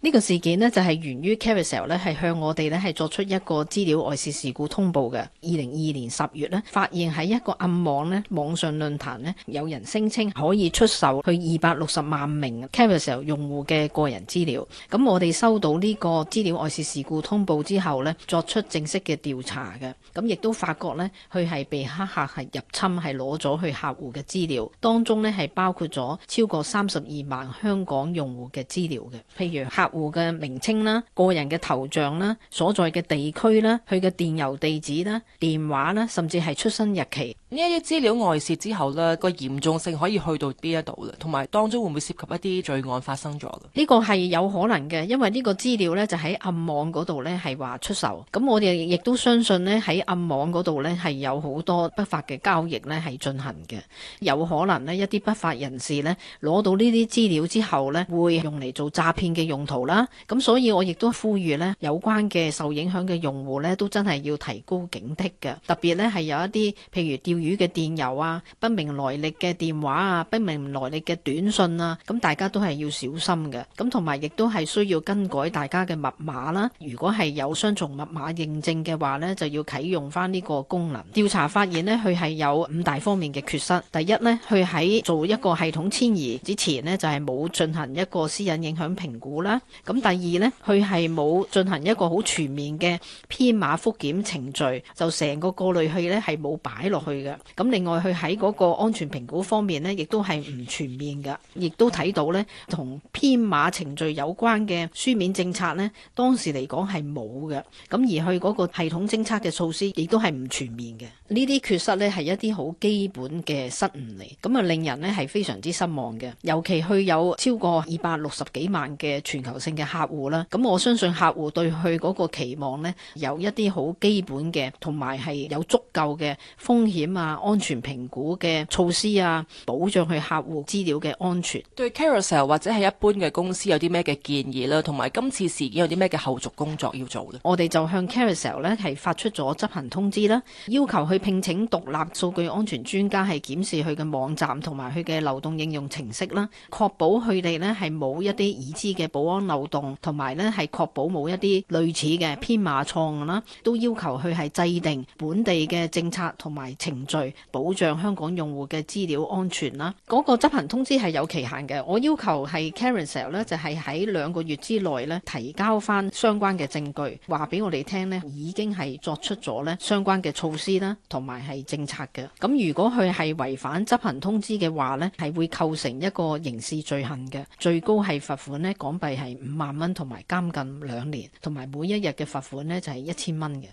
呢、這個事件呢，就係源於 Carousell 咧係向我哋咧係作出一個資料外泄事，事故通報嘅。二零二二年十月呢，發現喺一個暗網呢，網上論壇呢，有人聲稱可以出售去二百六十萬名 Carousell 用戶嘅個人資料。咁我哋收到呢個資料外泄事，事故通報之後呢，作出正式嘅調查嘅。咁亦都發覺呢，佢係被黑客係入侵係攞咗去客戶嘅資料，當中呢，係包括咗超過三十二萬香港用戶嘅資料嘅，譬如客客戶嘅名稱啦、個人嘅頭像啦、所在嘅地區啦、佢嘅電郵地址啦、電話啦，甚至係出生日期。呢一啲資料外洩之後呢，呢個嚴重性可以去到邊一度咧？同埋當中會唔會涉及一啲罪案發生咗嘅？呢個係有可能嘅，因為呢個資料呢就喺暗網嗰度呢係話出售。咁我哋亦都相信呢喺暗網嗰度呢係有好多不法嘅交易呢係進行嘅。有可能呢一啲不法人士呢攞到呢啲資料之後呢會用嚟做詐騙嘅用途啦。咁所以我亦都呼籲呢有關嘅受影響嘅用戶呢，都真係要提高警惕嘅，特別呢係有一啲譬如魚嘅電郵啊，不明來歷嘅電話啊，不明來歷嘅短信啊，咁大家都係要小心嘅。咁同埋亦都係需要更改大家嘅密碼啦。如果係有雙重密碼認證嘅話咧，就要啟用翻呢個功能。調查發現咧，佢係有五大方面嘅缺失。第一咧，佢喺做一個系統遷移之前咧，就係冇進行一個私隱影響評估啦。咁第二咧，佢係冇進行一個好全面嘅編碼複檢程序，就成個過濾器咧係冇擺落去嘅。咁另外，佢喺嗰個安全評估方面咧，亦都係唔全面嘅，亦都睇到咧同編碼程序有關嘅書面政策咧，當時嚟講，係冇嘅。咁而佢嗰個系統偵測嘅措施亦都係唔全面嘅。呢啲缺失咧係一啲好基本嘅失誤嚟，咁啊令人咧係非常之失望嘅。尤其佢有超過二百六十幾萬嘅全球性嘅客戶啦，咁我相信客戶對佢嗰個期望咧有一啲好基本嘅，同埋係有足夠嘅風險。啊！安全評估嘅措施啊，保障佢客戶資料嘅安全，對 Carousell 或者係一般嘅公司有啲咩嘅建議啦，同埋今次事件有啲咩嘅後續工作要做咧？我哋就向 Carousell 呢係發出咗執行通知啦，要求佢聘請獨立數據安全專家係檢視佢嘅網站同埋佢嘅流動應用程式啦，確保佢哋呢係冇一啲已知嘅保安漏洞，同埋呢係確保冇一啲類似嘅編碼錯誤啦，都要求佢係制定本地嘅政策同埋程序。罪保障香港用戶嘅資料安全啦，嗰個執行通知係有期限嘅。我要求係 Carousell 咧，就係喺兩個月之內咧提交翻，相關嘅證據，話俾我哋聽咧已經係作出咗咧相關嘅措施啦，同埋係政策嘅。咁如果佢係違反執行通知嘅話咧，係會構成一個刑事罪行嘅，最高係罰款咧港幣係五萬蚊，同埋監禁兩年，同埋每一日嘅罰款咧就係一千蚊嘅。